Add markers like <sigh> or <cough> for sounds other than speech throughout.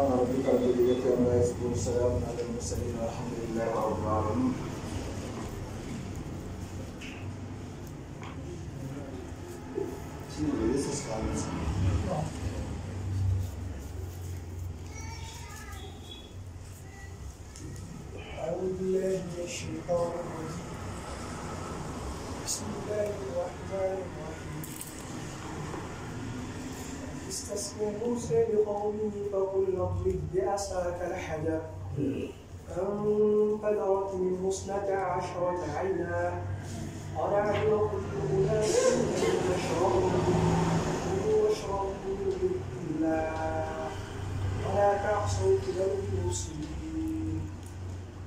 سبحان ربك رب العزة عما يصفون سلام على المرسلين والحمد لله رب العالمين Şimdi böyle موسى لقومه فقل اضرب بعصاك الحجر فانفجرت منه اثنتا عشرة عينا قال قد عبرت الأولى واشربوا واشربوا إلا ولا تعصوا كلا المسلمين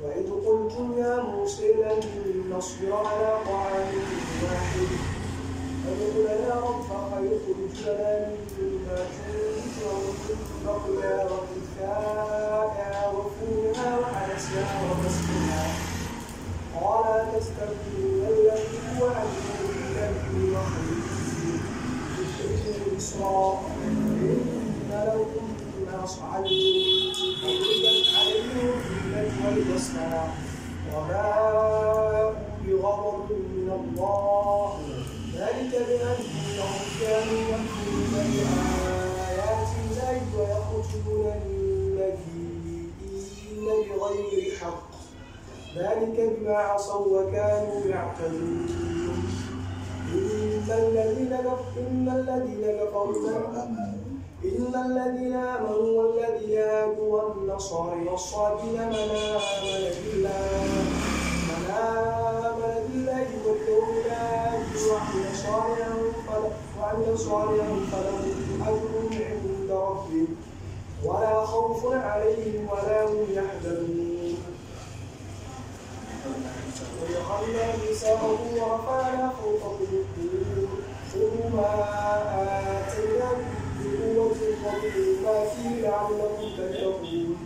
وإذ قلتم يا موسى لن نصبر على طعام واحد فادع لنا ربك يخرج لنا منه وكنا وكفاء وفونا وحرسنا ومسكنا قال تستبدلون الذي هو أدنى بالذي هو خير بشرى إن لكم ما صعدتم فضربت عليهم بالنجوى والبصرى وباءوا بغضب من الله ذلك بأنهم كانوا يكفرون ذلك بما عصوا وكانوا يعتدون إن الذين كفروا إن الذين آمنوا والذين هادوا والنصارى والصابين من آمن بالله من آمن بالله واليوم الآخر وعمل وعمل صالحا فلهم أجر عند ربهم ولا خوف عليهم ولا هم يحزنون ويخلى نساءه ورفعنا فوقه الطين خذوا ما آتيناكم بقوة وضربوا فيه لعلكم تتقون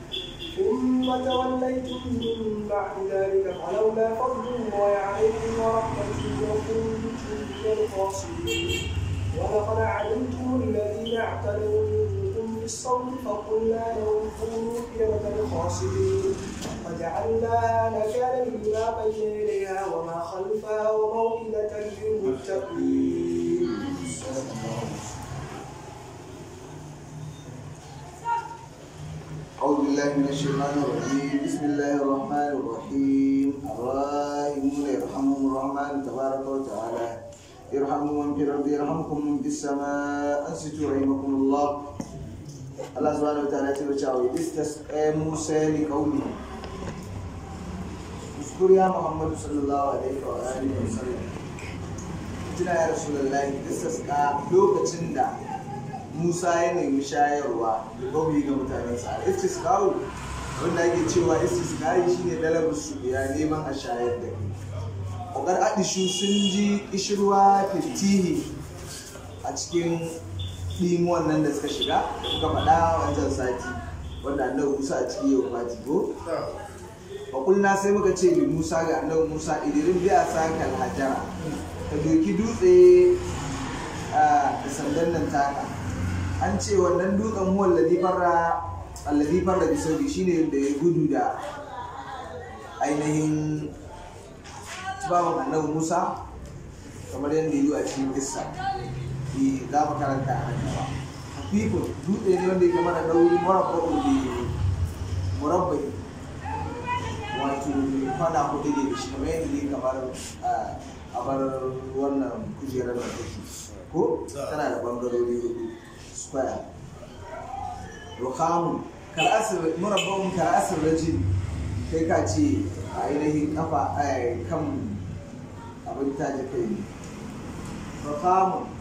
ثم توليتم من بعد ذلك فلولا فضل الله عليكم ورحمته وكنتم من الخاسرين ولقد علمتم الذين اعتدوا منكم بالصوم فقلنا لهم كونوا قردة خاسرين فجعلنا نكالا لما بين يديها وما خلفها وموئلة للمتقين أعوذ بالله من الشيطان الرجيم بسم الله الرحمن الرحيم الراحمون يرحمهم الرحمن تبارك وتعالى يرحمهم من في الارض يرحمكم من في السماء أنسجوا رحمكم الله Allah subhanahu wa ta'ala ya ce wa cewa istasqa Musa li qaumi ya Muhammadu sallallahu alaihi wa alihi wa sallam Tuna ya Rasulullahi istasqa lokacin da Musa ya nemi shayarwa da gauri ga mutanensa kawo wanda ake cewa shi shine dalabar su ya neman a shayar da ke Ƙoƙar adishu sun ji ishirwa fitihi a cikin limuwan nan da suka shiga suka faɗa wancan sati wanda annabi musa a ciki yau fati ko fakulna sai muka ce bi musa ga annabi musa idirin biya sa kalhajara ka doki dutse da sandan nan taka an ce wannan dutsen huwan lalifarra alladifar da shi shine da ya gudu da ainihin tubawan annabi musa kamar yadda yi a cikin kissa Eh, za mu karanta a nan gaba hakikun dutse ne wanda ke mana da nauyi murabba'un da murabba'i wato kwana hudu ne da shi kamar yadda ne kamar a bar wannan kujerar da take ko tana da bangarori hudu square rukamun murabba'un kal'asir rajin kai ka ce a ainihin kafa a eh, kan abin taje kai ne rukamun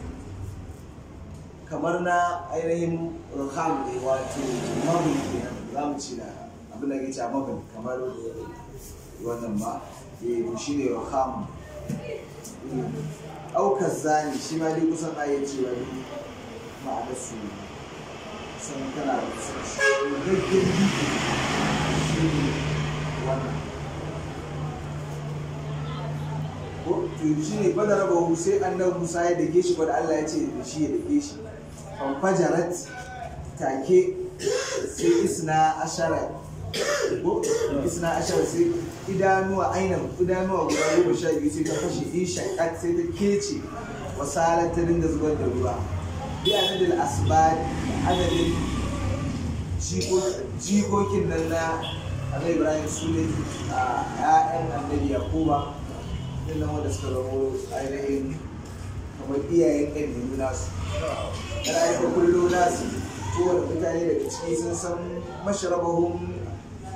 kamar na ainihin rukham ne wato mabul kenan za mu ci da abin da ke ce mabin kamar wannan ba eh shi ne rukham hmm. ɗaukar zani shi ma dai kusan ayyar iya cewa ne ma'ana su san tana da su ragin duki shi ne wannan to shi ne bada raba sai annabi musa ya ke shi bada allah ya ce da shi ya ke shi fanfajarat take sai isna ashara isna ashara sai idanuwa ainihin idanuwa guda goma sha biyu sai ta fashe in shaƙat sai ta kece wasalar ta dinga zubar da ruwa bi adadin asibari adadin jikokin nan na annabi ibrahim su ne a 'ya'yan annabi yakuba din nan wanda suka rago ainihin kuma iyayen ɗabi'u nasu rayuwa kullu nasu kowane mutane daga ciki sun san masharabahun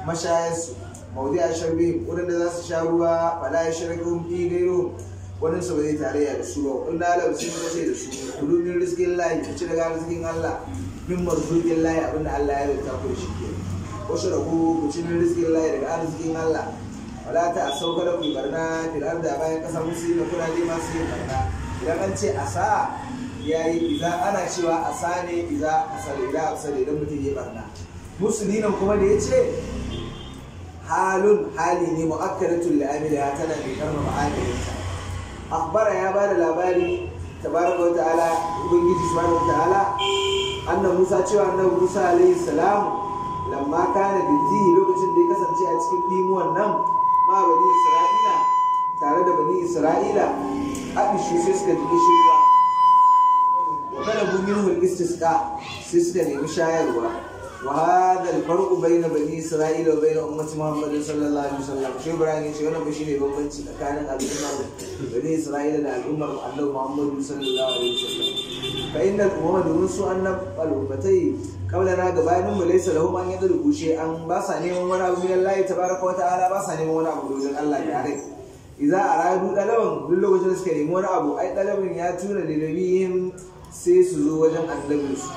mashayansu maudi a sharbi waɗanda za su sha ruwa bala ya sharbi fi gairo wannan su ba zai tarayya da su ba wanda alam sun kace da su kulumin riskin layi ta ci daga riskin allah min marzukin layi abinda allah ya rinta ku shi ke wasu ragu ku ci riskin layi daga arzikin allah wala ta a sauka da ku barna filar da bayan kasa musu yi na kuna masu yin barna idan an ce asa ya yi iza ana cewa asa ne iza a idan ne idan mutum ya barna musulina kuma da ya ce halun hali ne mu'akkaratul ya tana mai karma ta. akhbara ya ba da labari tabaraka wa ta'ala ubangiji subhanahu wa ta'ala annabi Musa cewa annabi Musa alayhi salam lamma kana bi lokacin da ya kasance a cikin dimuwan nan ma bani tare da bani isra'ila abishu sai suka tafi shi ruwa wa talabu minhu sai suka nemi shayarwa wa hadha al-farqu bayna bani isra'ila wa bayna ummati muhammad sallallahu alaihi wasallam shi ibrahim ya ce wannan ba shine bambanci tsakanin al'ummar bani isra'ila da al'ummar annabi muhammad sallallahu alaihi wasallam fa inna al domin su annab al na ga gabanin mu laysa lahum an yadrubu an ba sa neman wani abu min Allah tabaraka wa ta'ala ba sa neman wani abu da Allah ya rai iza a radu ɗalaban duk lokacin da suka nemi wani abu ai ɗaliban ya tuna da nabiyin sai su zo wajen su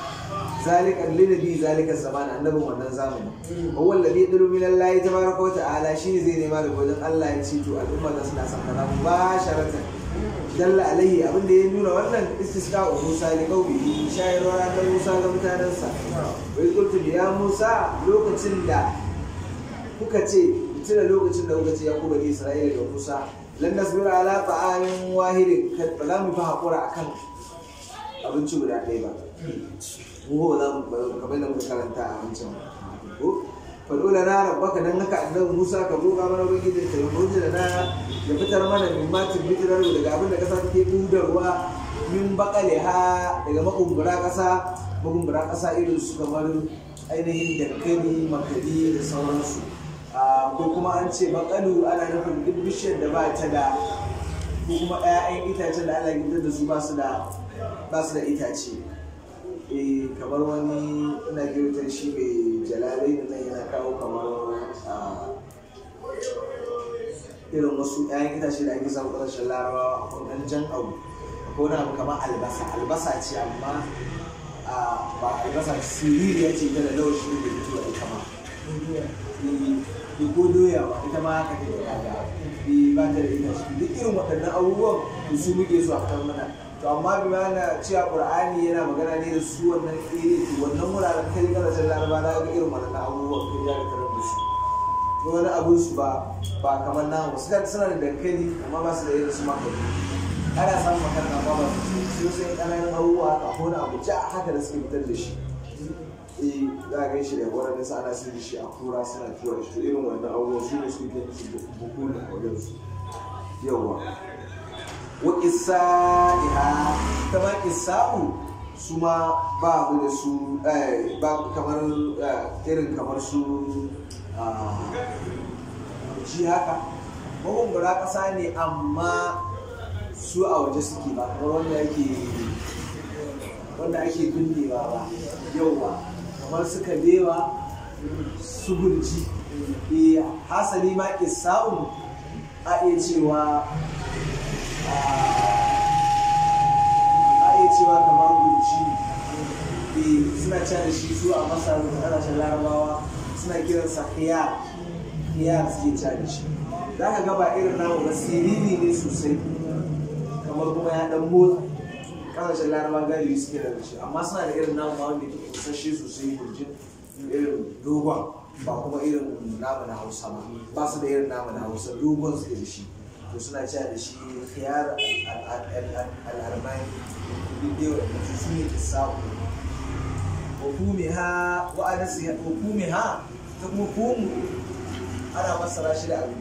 zalika linabi zalika zaman annabin wannan zamani huwa alladhi yadlu min Allah tabaaraka wa ta'ala shi ne zai nema daga wajen Allah ya ci to al'umma da suna san kaza ba sharata dalla alaihi abin da ya nuna wannan istisqa wa Musa li qawmihi shayarwa ta Musa ga sa. wai qultu ya Musa lokacin da kuka ce tuna lokacin da kuka ce ya kuma Isra'ila da Musa lan nasbira ala ta'amin wahidin ba za mu fi hakura akan abinci guda ɗaya ba mu za mu kamar da muka karanta a wancan ko faɗo da na ka dan haka annabi Musa ka roƙa mana ubangiji ta rubuta da na ya fitar mana min matin da daga abin da kasa take budarwa min bakale ha daga makumbura kasa makumbura kasa irin su kamar ainihin dankali makari da sauransu Ah, ko kuma an ce bakalu ana nufin duk bishiyar da ba ta da ko kuma 'ya'yan itacen da ana gidan da su ba su da itace eh kamar wani ina girtar shi mai jalalai da yana kawo kamar ah, irin wasu ɗaya itace da ake samu ƙarshen larabawa a ɗan jan abu ko na abu kamar albasa albasa ce amma ah, ba albasa siririya ce da laushin da ya fito da ita ba da ko doyawa ita ma haka take kaga bi ba ta da ita shi duk irin waɗannan abubuwan da su muke so a fitar mana to amma bi mana cewa qur'ani yana magana ne da su wannan iri to wannan wuraren kai kana san laraba na ga irin waɗannan abubuwan kai da karar da su to wani abun su ba ba kamar na wasu da suna da dankali amma ba su da irin su maka ana samun makarna ba ba su sai sai ƙananan abubuwa haka ko na abu a haka da suke fitar da shi eh za a gaishe da waɗannan sa ana sirri shi a kura suna tura shi irin wannan abubuwan su ne suke su bukun da wajen su yawa wa isa'iha ta ma isa'u su ma ba mu da su eh, ba kamar eh, irin kamar su ah, ji haka mahumbura kasa ne amma su a waje suke ba kamar wanda ake wanda ake binnewa ba yau ba kamar suka kabewa su gurji e hasali ma isa'un a iya cewa a iya cewa kamar gurji e suna cewa da shi su a masar da kasashen larabawa suna kiransa hiyar hiyar suke cewa da shi za ka gaba irin namu ba siriri ne sosai kamar kuma ya dan motsa kasashen laraban galibi suke da shi amma suna da irin namu wanda yake kusasshe sosai gurjin irin dogon ba kuma irin namu na hausa ba ba su da irin namu na hausa dogon suke da shi to suna cewa da shi khiyar al'armai da su su ne ta samu hukumiha wa'adasi ha ta kuma hukumu ana masara shi da abu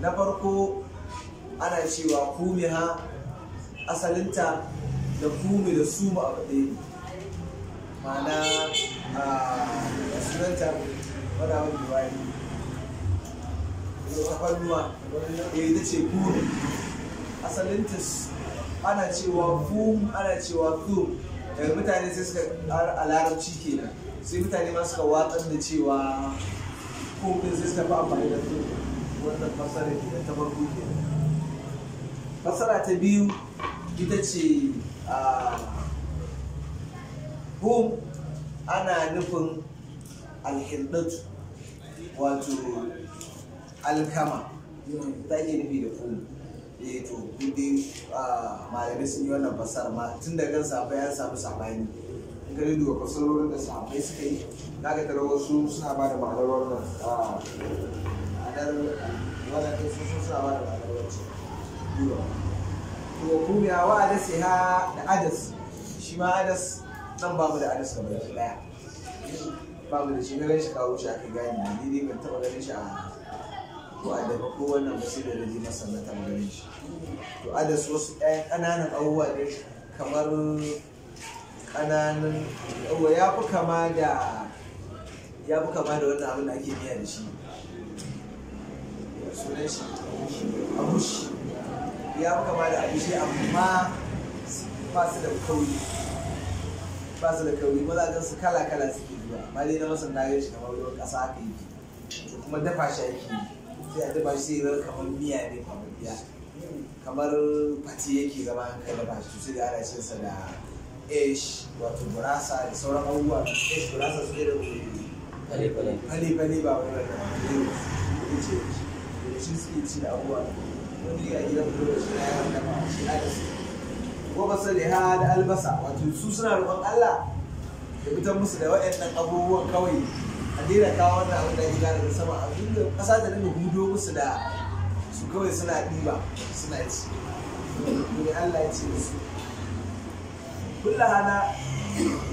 na farko ana cewa kumiha asalinta da mai da suma a ɗaya ne ma'ana a wadda wani abin da bayan da ya yi eh, ta ce asalinta ana cewa kum ana cewa kum daga mutane sai suka a larabci kenan sai mutane ma suka watsar da cewa kum din sai suka fi amfani da kum wannan fasara ke ta farko kenan fasara ta biyu ita ce hum ah, ana nufin alhirdat wato alkama ta ke nufi da hum eh to dai ah, malamai sun yi wannan fasar ma tun da kan sabai an samu sabani in ka duka fasarorin da sabai suka yi na ga tarar wasu suna ba da ma'anar wannan ah, ma'anar wannan kai sun suna ba da ma'anar wancan wa kumiya wa adasiha da adas shi ma adas nan babu da adas kamar da daya babu da shi na gan shi kawo shi aka gane ni ne ban taba ganin shi a ko a daga ko wannan ba sai da rage masa na taba ganin shi to adas wasu ɗayan ƙananan abubuwa ne kamar ƙananan abubuwa ya fi kama da ya fi kama da wannan abin da ake miya da shi sunan shi abushi ya fi kama da agushi amma ba su da kauri ba su da kauri ba za su kala kala suke zuwa ba dai na wasan na shi kamar ruwan ƙasa haka yi kuma dafa shi sai a dafa shi sai kamar miya ne kamar miya kamar fati yake zama an kai dafa shi sai da ana cin da ash wato burasa da sauran abubuwa ash burasa su ne da Fali, fale ba wani wani ne wani shi suke ci wani ba. wabasa liha da albasa wato su suna roƙon Allah ya fitar musu da waɗannan abubuwan kawai a daina kawo wannan abin da ya gane da sama a da ƙasa da dinga hudo musu da su kawai suna ɗiba suna ci domin Allah ya ce musu kulla hana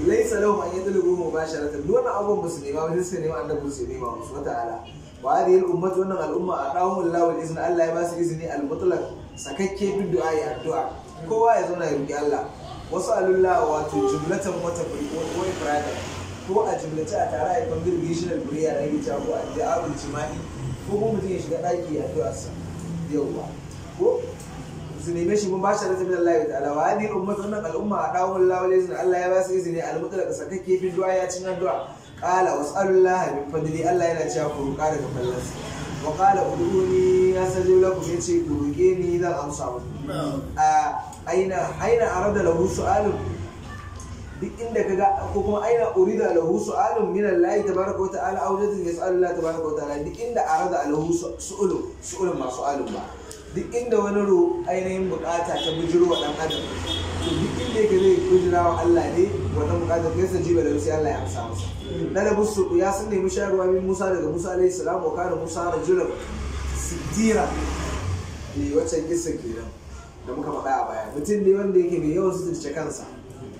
laisa lahu an yadda lugu mu ba shi rata duk wani abubuwan ba su nema ba sai suka nema annabi su nema musu wata ala wa hadhihi al-ummatu wannan al'umma a dawun Allah izini Allah ya ba su izini al-mutlaq sakakke duk du'a ya addu'a kowa ya zauna ya roki Allah wasu alullah wato jumlatan wata wai firada ko a jumlace a tare a yi congregational prayer na gita ko a ji da'abul jima'i ko kuma mutum ya shiga ɗaki ya addu'a sa yawwa ko su neme shi mun ba shi rasul Allah ta'ala wa hadhihi al wannan al'umma a dawun Allah izini Allah ya ba su izini al-mutlaq sakakke bin du'a ya cin addu'a قال was'alullaha الله من Allah yana cewa ku roƙa daga fallarsa wa qala ud'uni astajib lakum yace ku roƙe ni zan amsa muku aina arada duk inda ka ga ko kuma aina urida lahu su'alun min Allah tabaraka wa ta'ala aw jazin yas'alu Allah tabaraka wa ta'ala duk inda arada lahu su'ulun su'ulun ma su'alun duk inda wani ro ainihin bukata ta bujiro wa dan adam to duk inda yake zai bujira wa Allah ne wannan bukata kai sa jiba da sai Allah ya amsa masa na da busu ya san nemi sharuwa min Musa daga Musa alaihi salam wa kana Musa rajulan sidira ne eh, wacce kisa kiran da muka faɗa a baya mutum ne wanda yake mai yawan sutunce kansa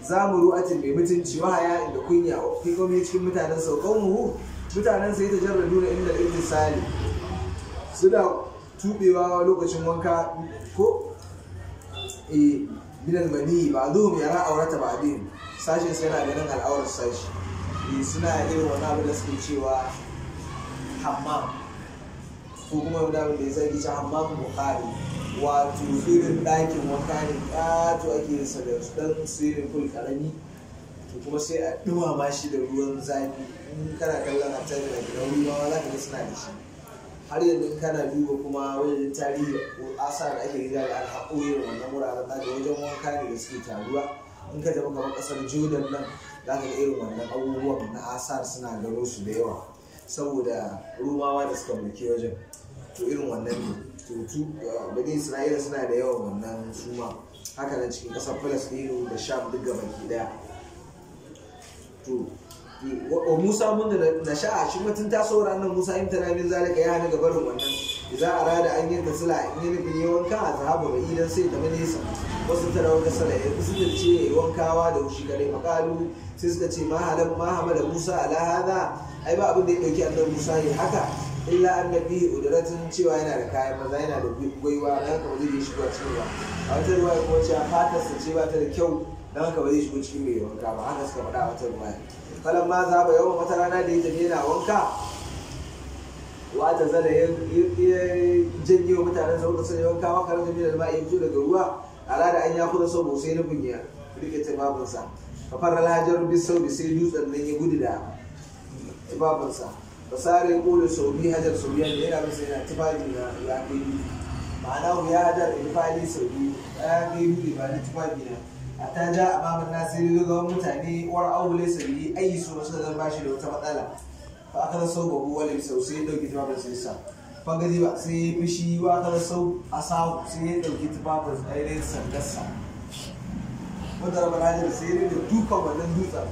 za zamuru atin mai mutunci wahaya inda kunya fi kome cikin mutanen sau mu mutanen sai ta jarra duna inda ilmin sali suna tubewa lokacin wanka ko e minal mani ba zuwa mai aurata ba din sashen sai yana ganin al'awar sashi e suna irin wani abu da suke cewa hammam ko kuma wani abu da ya zagi ce hammam bukari wato irin ɗakin wanka ne ƙato ake yin sa da ɗan sirrin kul ƙarami to kuma sai a ɗumama shi da ruwan zafi in kana kallon a can da gidan ruwa za ka ga suna da shi har yanzu kana duba kuma wajen tarihi asa da ake gida da alhaƙoyin wannan wuraren da wajen wanka ne da suke taruwa in ka tafi kamar ƙasar jordan nan za ka irin wannan abubuwan na asar suna gano su da yawa saboda rumawa da suka mulki wajen to irin wannan ne to tutu eh, bani isra'ila suna da yawan wannan suma haka nan cikin ƙasar falastinu da sham duk gaba daya to wa Musa mun da nasha'a shi mutun ta saura nan Musa in tana bin zalika ya hana gabarin wannan a rada an yi tasila in yi nufin yi wanka a zahabu ba idan sai ta nesa wasu tara wata sala ya kusa ce ya yi wankawa da wushi gare makalu sai suka ce ma halam Musa alahada ai ba abin da ya dauki annabi Musa ya haka illa an annabi udratin cewa yana da kayan maza yana da gwiwa dan haka ba zai yi shigo cikin ba a wata ya kuma cewa fatarsa ce ba ta da kyau don haka ba zai shigo cikin mai wanka ba haka suka faɗa a wata ruwa falon ma za ba yawan wata rana da ya tafi yana wanka wata zana ya wa mutanen saboda sun yi wanka maka rasa da ma'a yanzu daga ruwa a rada an ya kula sau sai na bunya rike babansa. kafar alhajar bisau bi sai dutsen nan ya gudu da babansa. tibabinsa fasarin kulu sau bi hajar sau biyar, da yana bisa yana tibabi na ya kai ma'ana ya hajar ya fali sau biyu ya kai biyu ba na tibabi na hatta ja amaman nasiri ga mutane war aule sabi ayi su suka zan bashi da wata matsala fa aka da sau babu wale sau sai ya dauki tufafin sai sa fa gaji ba sai ya fishi wa aka da sau a sahu sai ya dauki tufafin ainihin sandarsa wanda rabar hajjar sai ya da dukan wannan dutsen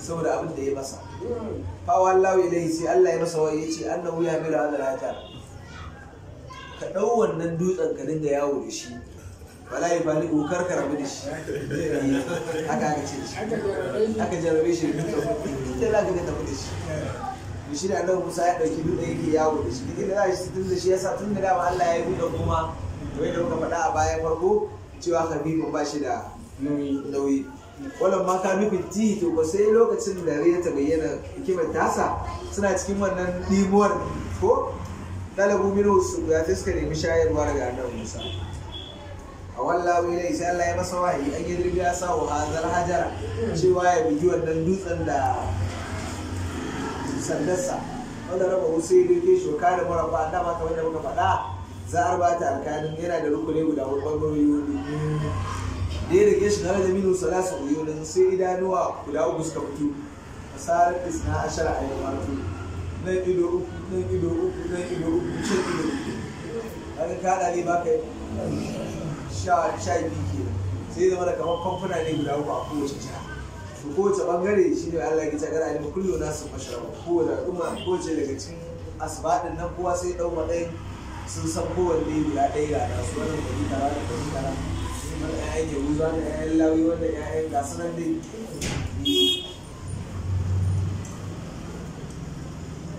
saboda abin da ya masa fa wallahu ilaihi sai Allah ya masa wai yace annahu ya mira hadal hajar ka dau wannan dutsen ka dinga yawo da shi wala ya bani kokar ka rabu da shi haka aka ce shi aka jarabe shi da dutse sai za ka ga tafi da shi to shi da annabi Musa ya dauki dutse yake yawo da shi duk da shi tun da shi yasa tun da dama Allah ya yi buɗe kuma to yadda muka faɗa a bayan farko cewa Habibu ba shi da nauyi wannan ma ka nufin tihi to ba sai lokacin da rai ta bayyana hikimar tasa suna cikin wannan ɗimuwar ko ɗalabu minu su ya ta suka nemi shayarwa daga annabi Musa a wallahu ilai sai Allah ya masa wahayi an yi riga sa a hazar hajara cewa ya bigi wannan dutsen da sandarsa wanda raba wasu yi doke shoka da mara ba da ma kamar da muka faɗa za a bata alkanin yana da rukuni guda wani ɓangarori hudu da ya rike shi tare da minu salasa uyonin sai idanuwa guda uku suka fito a tsarin isna ashara a yau wato nan ido uku nan ido uku nan ido uku cikin ido uku an kaɗa ne ba yi. sha biyu ke sai zama da kamar kamfuna ne guda uku a kowace jiha to kowace bangare shi ne Allah ya ta gara alima kullu nasu masharaba kowace al'umma kowace daga cikin asibadin nan kowa sai ɗau matsayin sun san kowanne guda ɗaya ga nasu wannan ɗari ba da ɗari tara wannan ƴaƴan yahuza da ƴaƴan lawi wanda ƴaƴan ga su nan dai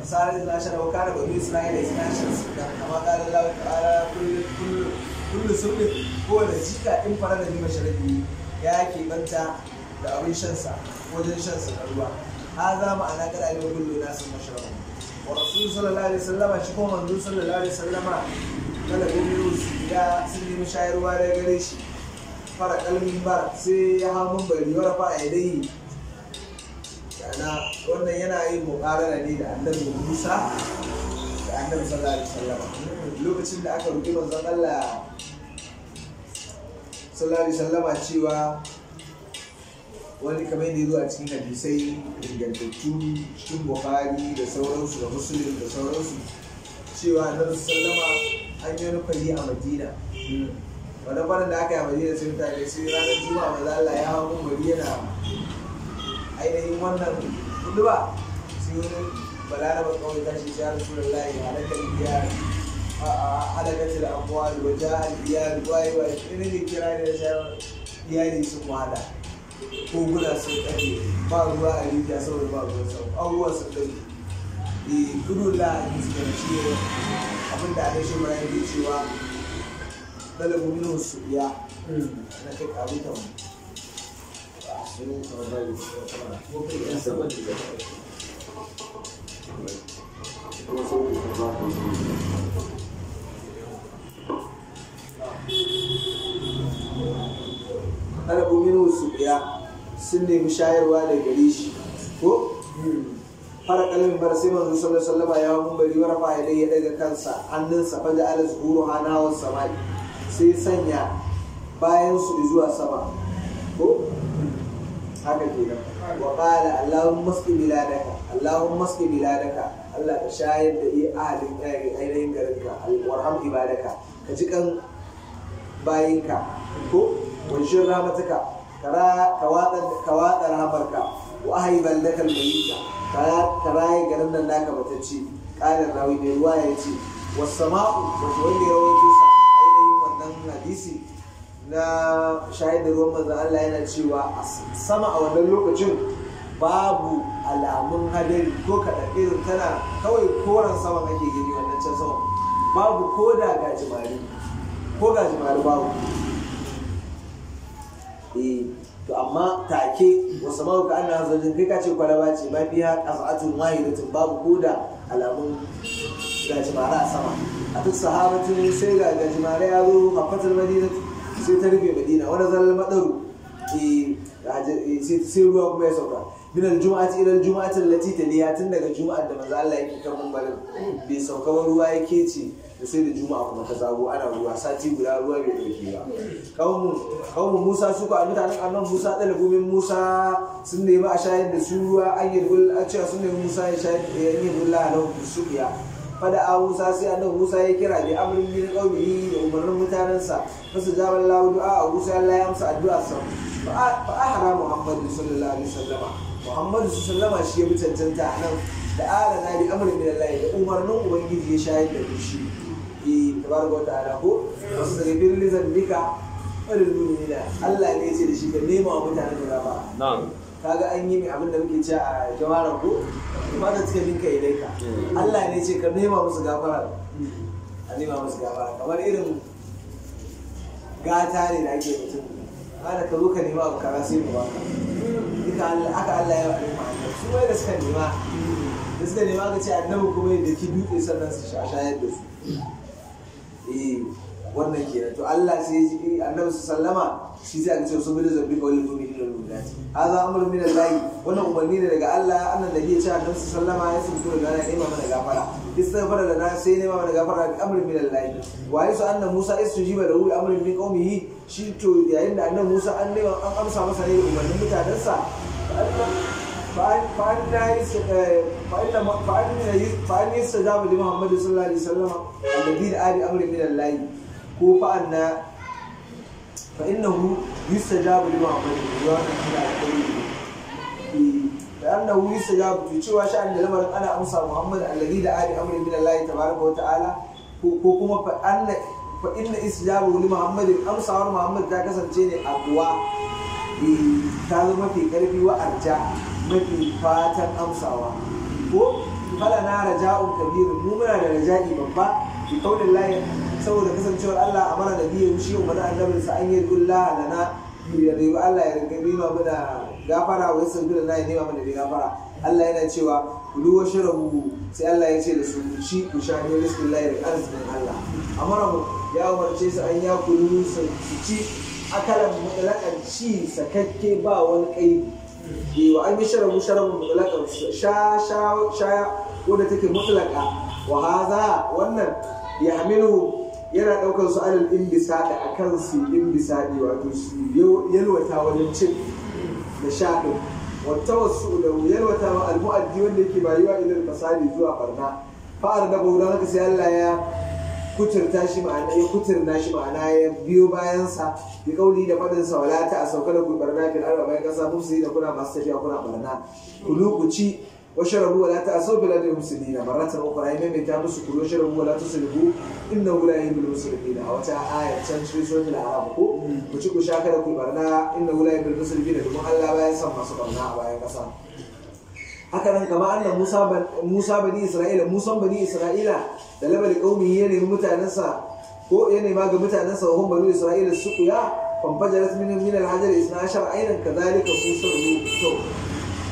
Sa'ad da na shara wa kare bani Isra'ila Isra'ila kama ƙalar lawi ƙara kullum kullum ne ko kowane jika in fara da nima sharabi ya banta da abin shansa wajen shansa da ruwa ha za mu ana kada ne kullu na sun mashara wa rasul sallallahu alaihi wasallama shi kuma manzo sallallahu alaihi wasallama kada gobe ya sun nemi shayarwa da gare shi fara kalmin ba sai ya hau bari wa fa ya dai kana wannan yana yi mukarara ne da annabi Musa annabi sallallahu alaihi wasallam lokacin da aka roƙi manzon Allah sallallahu alaihi wasallam cewa wani kamar yadda zuwa cikin hadisai ingantattu cikin bukhari da sauransu da muslim da sauransu cewa annabi sallama an yi nufari a madina wani farin da aka yi a madina sai mutane sai ranar juma'a maza Allah ya hawa mun bari yana ainihin wannan kudu ba sai wani balaraba kawai ta ce ya rasulullahi halakar biyar halakatul amwal wa ja'al biyar ina ne kira ne da iyali sun wahala ko guda sun kare ba a rijiya saboda ba ruwan sau abubuwa sun kare e gudu la a abin da aka shi mara cewa dalabu minu su biya na kai karutan mu. Sunan kawai ba yi da kuma kuma kai yan saman da ƙarfi wasu su biya sun nemi shayarwa da gare shi ko fara kalin bar sai manzo sallallahu alaihi ya hau bari wara fa ya daga kansa hannunsa fa da ala zuhuru hana wa samai sai sanya bayan su zuwa sama ko haka ke nan wa qala allahumma masqi biladaka Allahumma sqi daka Allah ka shayar da yi ahalin kayan ainihin garinka warham ibadaka ka ji kan ka ko wanshin ramataka ka watsa ramarka wa ahayi baldakar yi ka raye garin nan naka matacce ƙarin rawi mai ruwa ya ce wasama'u wato wanda ya rawaito sa ainihin wannan hadisi na shayar da ruwan maza Allah yana cewa a sama a wannan lokacin babu alamun hadari ko kaɗan irin tana kawai koren sama kake gani wannan can sama babu ko da gajimare ko gajimare babu eh, to amma take wasu mawa ka ana zaljin kai ka ce kwalaba ce ba biya da tun babu ko da alamun gajimare a sama a duk sahabatin sai ga gajimare ya zo hafatul madina sai ta rufe madina wani zalal madaru eh, eh, sai ruwa kuma ya sauka min al-jum'ati ila al-jum'ati allati taliya tun daga juma'ar da manzo Allah yake kan mimbarin bai sauka ba ruwa yake ce da sai da juma'a kuma ta zago ana ruwa sati guda ruwa bai dauke ba kawun Musa su ko a nan Musa dalabu min Musa sun nemi a shayar da su ruwa an yi a cewa sun nemi Musa ya shayar da yayin bulla lahu suqiya fada a Musa sai a nan Musa ya kira bi amrin min qawmihi da umarnin mutanen mutanansa fasu jabal lahu du'a a Musa Allah ya amsa addu'a sa fa ahra Muhammadu sallallahu alaihi wasallam muhammadu sallama shi ya bi cancanta a nan da ara na bi amurin min Allah da umarnin ubangiji ya shayar da shi eh tabaraka wa ta'ala ko wasabir li zambika nuni da Allah ne ya ce da shi ka nema wa mutane da ba na'am kaga an yi mai abin da muke ce a jawaran ko ba ta cika ninka ilaika mm. Allah ne ce ka nema musu gafara a nema musu gafara kamar irin gata ne da ake mutum kada ka zo ka nema abu kaza sai mu baka duka aka Allah ya faɗi ma'anar su wai da suka nema da suka nema ka ce annabi kuma yadda ki dutse sannan su shayar da su eh wannan kenan to Allah sai ya ji eh, annabi su sallama shi sai aka ce su bi da zabbi kawai lumi ila lulati hadha amru min Allah wannan umarni ne daga Allah annabi ya ce annabi su sallama ya sun fito daga Allah ya mana gafara istaghfara lana sai ne ma da gafara bi amrin min Allah wa yasu anna Musa istujiba lahu bi amrin min qaumihi shi to yayin da annabi Musa an ne an amsa masa ne da umarnin mutanansa fa an da fa an Muhammad sallallahu alaihi wasallam alladhi da abi amrin min Allah ko fa anna fa innahu li Muhammad da annahu ya to cewa sha'ani da lamarin ana amsa Muhammad Alali da ali amrin min Allah tabaraka wa ala, ko kuma fa anna fa inna istijabu li Muhammadin amsawar Muhammad ta kasance ne abuwa eh, ta zama mafi karfi wa arja mafi fatan amsawa ko fala na raja'un kabiru mu muna da raja'i babba bi kaulin layi saboda kasancewar Allah a mara da biyan shi umarni annabinsa an yi gulla lana mu yarda Allah ya rinka bima mu gafara wa sun dole na ya nema mana bai gafara Allah yana cewa kudu wa sharabu sai Allah ya ce da su ku ci ku sha ne riskin arzikin Allah amara mu ya umarce su an ya kulu su ci akalan mutlakan ci sakakke ba wani kai wa an yi sharabu sharabu mutlakan sha sha sha wanda take mutlaka wa haza wannan ya hamilu yana ɗaukar su alal imbisa da akan su imbisa wato su yalwata wajen cin da shaɗin wata wasu da wuyar wa almu'addi wanda yake bayuwa ilil fasadi zuwa barna fa'ar da bauda haka sai Allah ya kuturta shi ma'ana ya kuturna shi ma'ana ya biyo bayansa ya kauli da fadin sa wala ta a sauka da ku barna fil arba bayan kasa musu da kuna masu tafiya kuna barna ku lukuci وشربوا ولا تأسوا بلاد المسلمين مرة أخرى إمام تامس سكر وشربوا ولا تسلبوا إنه لا يهم المسلمين أو تا آية تنشري سورة العرب وشك شاكر كل برنا إنه لا يهم المسلمين ثم ألا باي سما صبرنا باي كسام هكذا كما أن موسى موسى بني إسرائيل موسى بني إسرائيل دلما لقومه يعني متأنسا هو يعني ما قمت أنسا وهم بنو إسرائيل السقيا فانفجرت منهم من الحجر عشر عينا كذلك موسى بني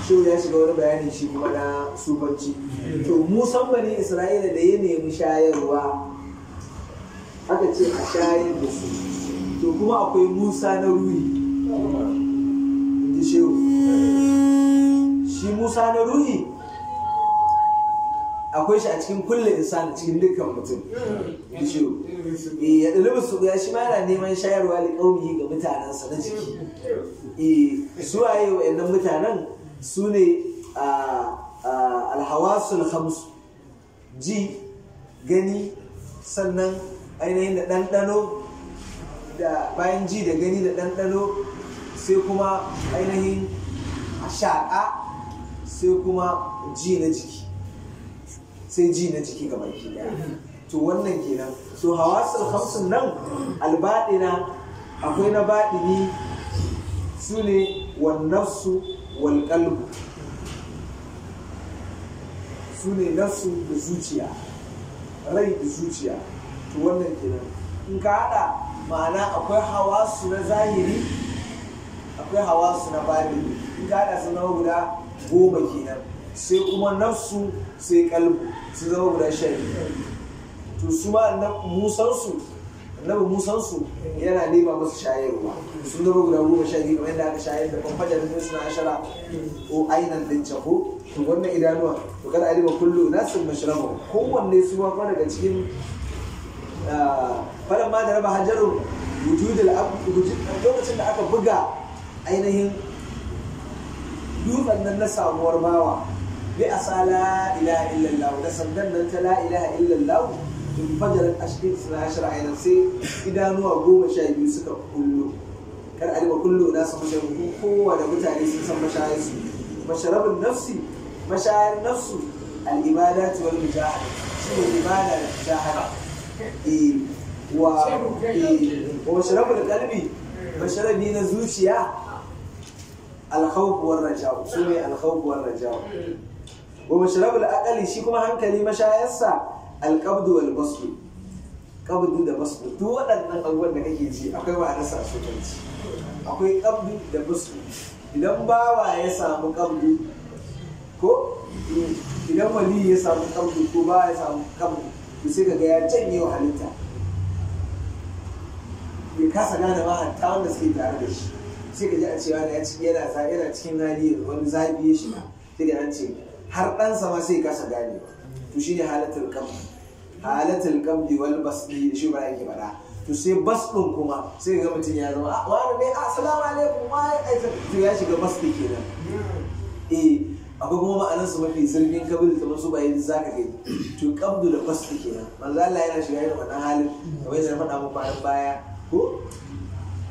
shi ya shiga wani bayani shi kuma na sufanci to musan bani isra'ila da ya nemi shayarwa aka ce a shayar da su to kuma akwai musa na ruhi inji shehu shi musa na ruhi akwai shi a cikin kulle sani cikin dukkan mutum eh, ya ɗalibu su ya shi mara neman shayarwa da ƙauni ga mutanensa na jiki eh, suwaye wa'annan mutanen su ne alhawasun hamsu ji gani sannan ainihin da ɗanɗano da bayan ji da gani da ɗanɗano sai kuma ainihin shaƙa sai kuma ji na jiki sai ji na jiki gaba ke to wannan kenan so hawasun hamsin nan albaɗina akwai na baɗini su ne su. walƙalbu su ne nasu da zuciya rai da zuciya to wannan kenan in ka haɗa ma'ana akwai hawa su na zahiri akwai hawa su na babini in ka haɗa su zama guda goma kenan sai kuma nasu sai kalbu su zama guda shari'a to su ma musansu annabi musa su yana nema musu shayarwa sun zama guda goma sha biyu kamar yadda aka shayar da kwamfaja da suna ashara ko ainan din cako to wannan idanuwa to kada alima kullu nasin mashrabu kowanne su ma daga cikin ah, farin ma da raba hajarun wujudul lokacin da aka buga ainihin dutsen nan na samuwar bawa bi asala ila illallah da sandan nan ta la ilaha illallah in fajar ashirin suna ashir ainihin sai idanuwa goma sha biyu suka kullo kar a riba kullo na su mace Kowa da mutane sun san mashayar su masharabin nafsi mashayar nafsu al'ibada ta wani mujahada shi ne ibada da mujahada eh, wa masharabin eh, kalbi masharabi na zuciya alkhawfuwar raja'u su ne alkhawfuwar rajawa? wa masharabin akali shi kuma hankali mashayarsa alƙabdu wal baslu ƙabdu da baslu duk waɗannan abubuwan da kake ji akwai wa na sa su kanci akwai ƙabdu da baslu idan bawa ya samu ƙabdu ko idan wali ya samu ƙabdu ko ba ya samu ƙabdu to sai ka ga ya janye wa halitta ya kasa gane ma hatta wanda suke tare da shi sai ka ji a cewa da yana yana cikin hali wani zafi ya shiga sai ka ce har ɗansa ma sai kasa ganewa to shine halatul qabdi halatul qabdi wal basdi shi ba yake bada to sai bas din kuma sai ga mutum ya zama ah, wani ne ah, assalamu alaikum wa to ya shiga bas din kenan eh akwai kuma ma'anar su mafi zirgin kabil kamar masu bayan zaka gani to qabdu da bas din nan manzo Allah yana shiga irin wannan halin kamar yadda faɗa muku a baya ko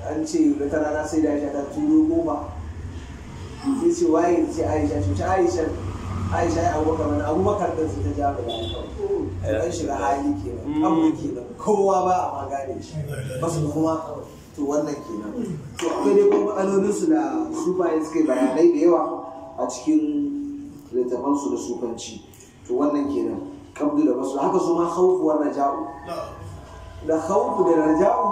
an ce wata rana sai da Aisha ta turo goma sai ce waye ce Aisha ce ta Aisha aisha ya abubakar wani abubakar din su ta ja ba ya kawai ɗan shiga hali kenan mm. abu kenan kowa ba a magane shi basu kuma to wannan kenan to akwai dai kuma matsalolin su da su bayan suka bayanai da yawa a cikin littafan su da sufanci to wannan kenan kabdu da basu haka su ma khawfu wa raja'u da haufu da raja'u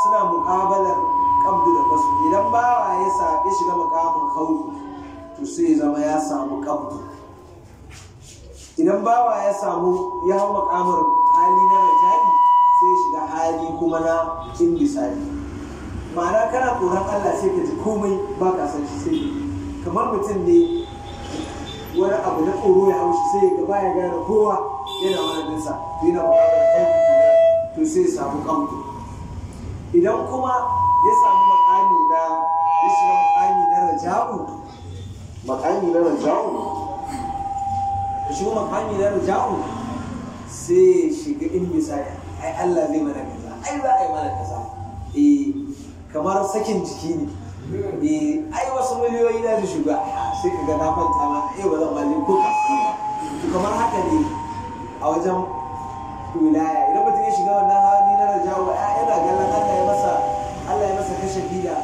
suna muƙabalar kabdu da basu idan ba ya sa ya shiga muƙamun khawfu to sai zama ya samu kabdu idan bawa ya samu ya hau makamar hali na rajai sai shiga hali kuma na misali. ma'ana kana tsoron Allah sai ka ji komai ba ka san shi sai kamar mutum ne wani abu na tsoro ya haushi sai ya gaba ya gane kowa yana wani dinsa to yana bukatar to sai ya samu kamto idan kuma ya samu makami na ya shiga makami na raja'u makami na raja'u da shi kuma kami da ruja'u sai shiga in misali ai Allah zai mana kaza ai za a yi mana kaza eh kamar sakin jiki ne eh ai wasu miliyoyi na su shiga sai ka gada kwanta ma ai eh, ba zan bali ko ka to kamar haka ne a wajen wilaya idan mutum ya shiga wannan hali na raja'u yana ganin Allah ya masa Allah ya masa kashe fida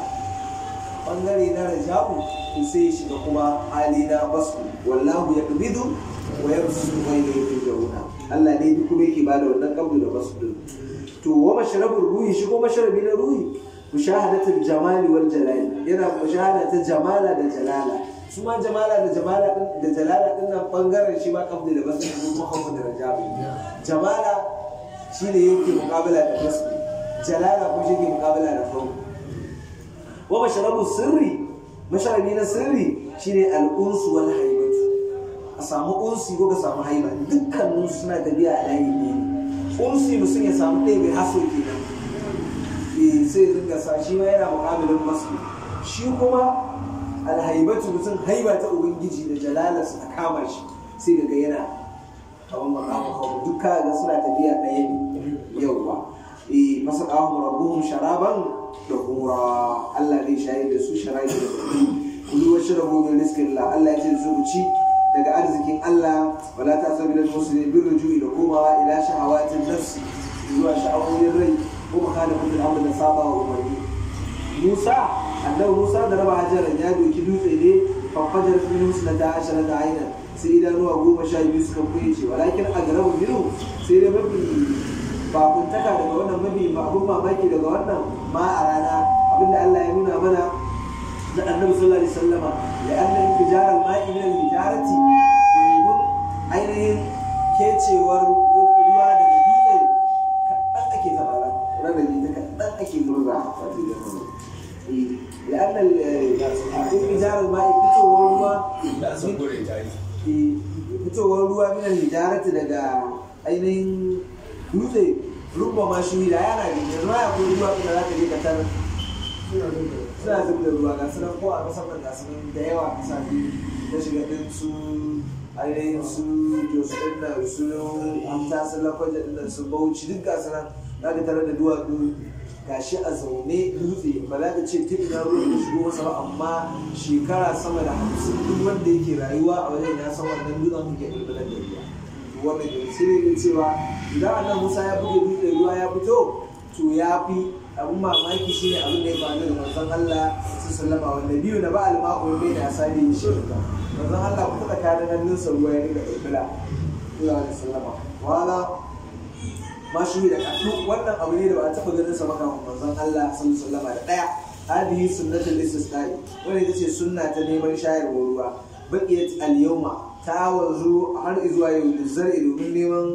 bangare na raja'u sai shiga kuma hali na basu wallahu ya dubidu wa ya fi yurida Allah ne duk kuma yake bada wannan kabdu da basdu to wa mashrabul ruhi shi ko masharabi na ruhi Ku mushahadatul jamali wal jalali yana mushahada ta jamala da jalala su ma jamala da jamala da jalala din nan bangaren shi ma kabdu da basdu kuma hawo da rajabi jamala shi ne yake muqabala da basdu jalala ko shi yake muqabala da hawo wa mashrabul sirri masharabi na sirri shine al-uns wal hayy a samu unsi ko ka samu haila dukkanin suna tafiya a layi ne unsi mutum ya samu ɗaya mai haso ke nan eh, sai ringa sa shi ma yana mu'amalin masu shi kuma alhaibatu mutum haiba ta ubangiji da jalalarsa ta kama shi sai daga yana abin makamu kawo duka ga suna tafiya ɗaya ne yau ba eh, masa kawo rabbuhum sharaban da kuma Allah zai shayar da su shara'i da kuma kuma wasu rabu da riskin Allah ya ce su ci daga arzikin Allah wala ta sabi da musulmi bin rujui da komawa ila shahawatin nafsi zuwa sha'awoyin rai ko kudin abu da saba wa umarni Musa Allah Musa da raba hajar ya doki dutse ne fafajar filin su na ta ashara da aina sai idanuwa goma sha biyu suka ce, walakin a garabu sai da mafi bakuntaka daga wannan mafi abun mamaki daga wannan ma a rana abinda Allah ya nuna mana na annabi sallallahu alaihi wasallama da annabi tijarar ma'i min tijarati domin ainihin kecewar ruwa daga dutse kaɗan ake zabara ranar ita kaɗan ake murza wato da da eh, annan eh, tijarar ma'i fitowar ruwa eh, fitowar ruwa min tijarati daga ainihin dutse rubba ma shi da yana da ruwa ko kuma ruwa kuma za ka je ka suna zub da ruwa ga sunan ko a ƙasar nan ga sunan da yawa a misali na shiga ɗin su ainihin su josu ɗin da su amta su lakwaje ɗin da su bauchi duk ga sunan za ka tare da duwatsu gashi a zaune dutse ba za ka ce ta ina ruwa da shigo masa ba amma shekara sama da hamsin duk wanda yake rayuwa a wajen ya san wannan dutsen kuke ɗalɓalar da ruwa wannan da sai ne cewa idan annan musa ya fito dutse ruwa ya fito to ya fi abun mamaki shi ne abin da ya faru da manzon Allah su sallama wanda biyu na ba'al ma'u bai da asali shi manzon Allah ku kuka tare hannun sa ruwa ya riga ibla Allah ya sallama wala ma shi da kafu wannan abu ne da ba a taba ganin sa maka manzon Allah sun sallama da daya hadihi sunnatul istisqai wanda ita ce sunna ta neman shayarwa ruwa baqiyat al-yawma ta wanzu har zuwa yau da zar'i domin neman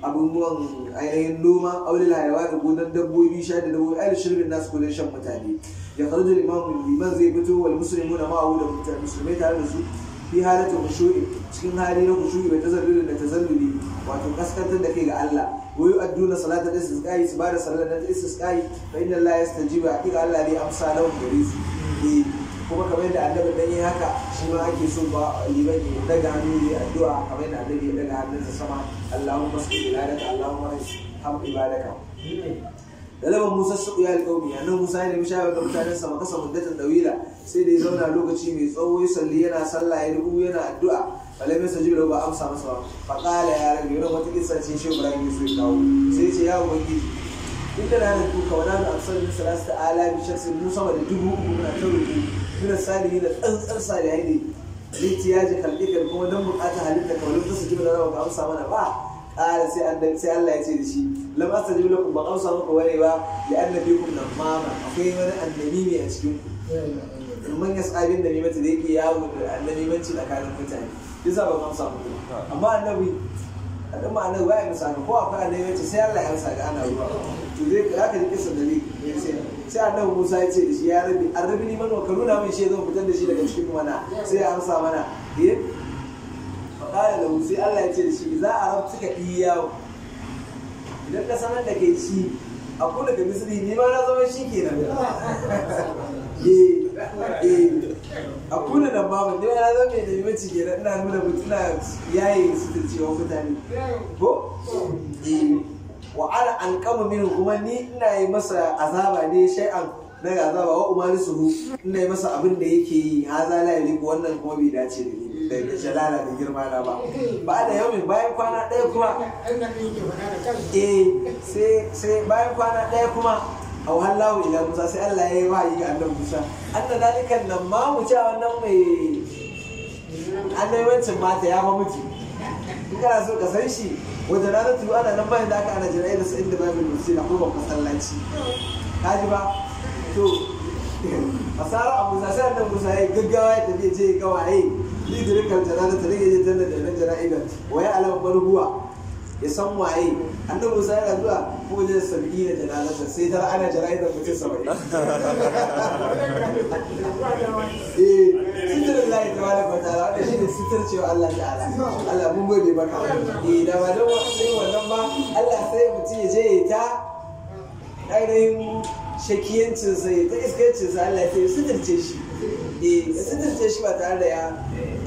abubuwan ainihin noma aure aulil hayawa da gonar dabbobi sha da dabbobi ainihin shirbin nasu ko shan mutane ya karzu liman liman zai fito wal musulmi na ma'awu da musulmai tare da su fi halatta kushu'i cikin hali na kushu'i mai tazallulin da tazalluli wato kaskantar da kai ga Allah wayu adduna salata da istisqai su bada salata da istisqai fa inna Allah yastajibu hakika Allah ne amsa lahum gare kuma kamar yadda annabi dan yi haka shi ma ake so ba liban ya daga hannu ya addu'a kamar yadda annabi ya daga hannunsa sama Allahumma salli ala daka Allahumma ham ibadaka dalaban Musa su ya alƙawmi nan Musa ya nemi shawara da mutanen sa makasa muddatan dawila sai da ya zauna lokaci mai tsawo ya salli yana sallah ya rubu yana addu'a balai mai sajibi da ba amsa masa ba faqala ya rabbi yana wata kissa ce shi Ibrahim ya so ya kawo sai ya ce ya ubangiji duk da na da kuka wani abu amsar da salasta ala bishar sun musa da dubu uku na tauri min salihi da tsantsar salihai ne liti ya ji kalbikar kuma don bukata halitta kawai don su jimla rawa ka amsa mana ba ƙara sai an sai Allah ya ce da shi lam astajib lakum ba amsa muku wani ba nafi kun nan mama akwai wani annabi ne a cikin ku man tsarin da nimata da yake yawo da annabi manci tsakanin mutane yasa ba amsa muku amma annabi al'umma annabi ba ya musa ko akwai ne yace sai Allah ya musa ga ana ruwa to zai ka ka kisa da ni yace sai annabi Musa ya ce da shi ya rabi an rabi ni manwa ka nuna min shi zan fitar da shi daga cikin mana sai ya amsa mana eh fa qala lahu sai Allah ya ce da shi za a rabtuka iyawo idan ka sanar da kai shi a kula da misri ni ma na zama shi kenan <laughs> eh eh a kuna nan babu ne na zama mai da cike na ina nuna mutuna yayi su ta cewa mutane ko eh, wa ala an kama min kuma ni ina yi masa azaba ne shay'an daga azaba wa umaru suhu ina yi masa abin da yake yi haza la liku wannan kuma bai dace da ni da shalala da girma na ba ba da yau bayan eh, sai bayan kwana ɗaya kuma aw hallahu ila musa sai Allah ya yi wahayi ga annabi musa anna dalikan nan ma mu ci wannan mai annabi mata ya ba miji in kana so ka san shi wajen ranar tulu ana nan bayan da aka ana jira'i da sa'in da babin musu na kuma masallaci ka ji ba to asara a musa sai annabi musa ya yi gaggawa ya tafi je ya gawaye ni da rikar da ta rike je tana da nan jana'a wa ya alama barhuwa ya san waye annabi musa yana zuwa ko zai sabi da jalalata sai tara ana janazar mutum saba'in <laughs> eh sitar lahi ta wala fata la wanda shine sitar cewa Allah ala Allah mun gode maka eh da ba dan sai wannan ba Allah sai mutum ya je ya ta ainihin shakiyancin sai ta iskancin sa Allah sitar sitarce shi eh sitarce shi ba tare da ya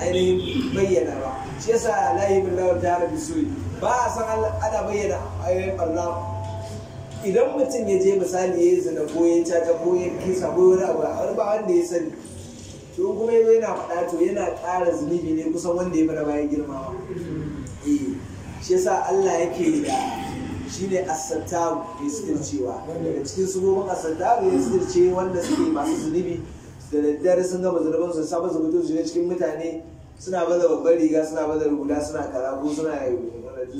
ainihin bayyana ba shi yasa layi bin lawar ta harabi suyi ba a san ana bayyana ainihin barna idan mutum ya je misali ya yi zina ko ya caca ko ya kisa ko wani abu a ba wanda ya sani to kuma yana faɗa to yana ƙara zunubi ne kusan wanda ya fara bayan girma ba eh, shi yasa Allah yake da shine asattaru ya sircewa daga cikin sugobin asattaru ya sirce wanda suke masu zunubi da daddare sun gama zarafin su sabon su fito su ne cikin mutane suna da babbar riga suna da guda suna karabu suna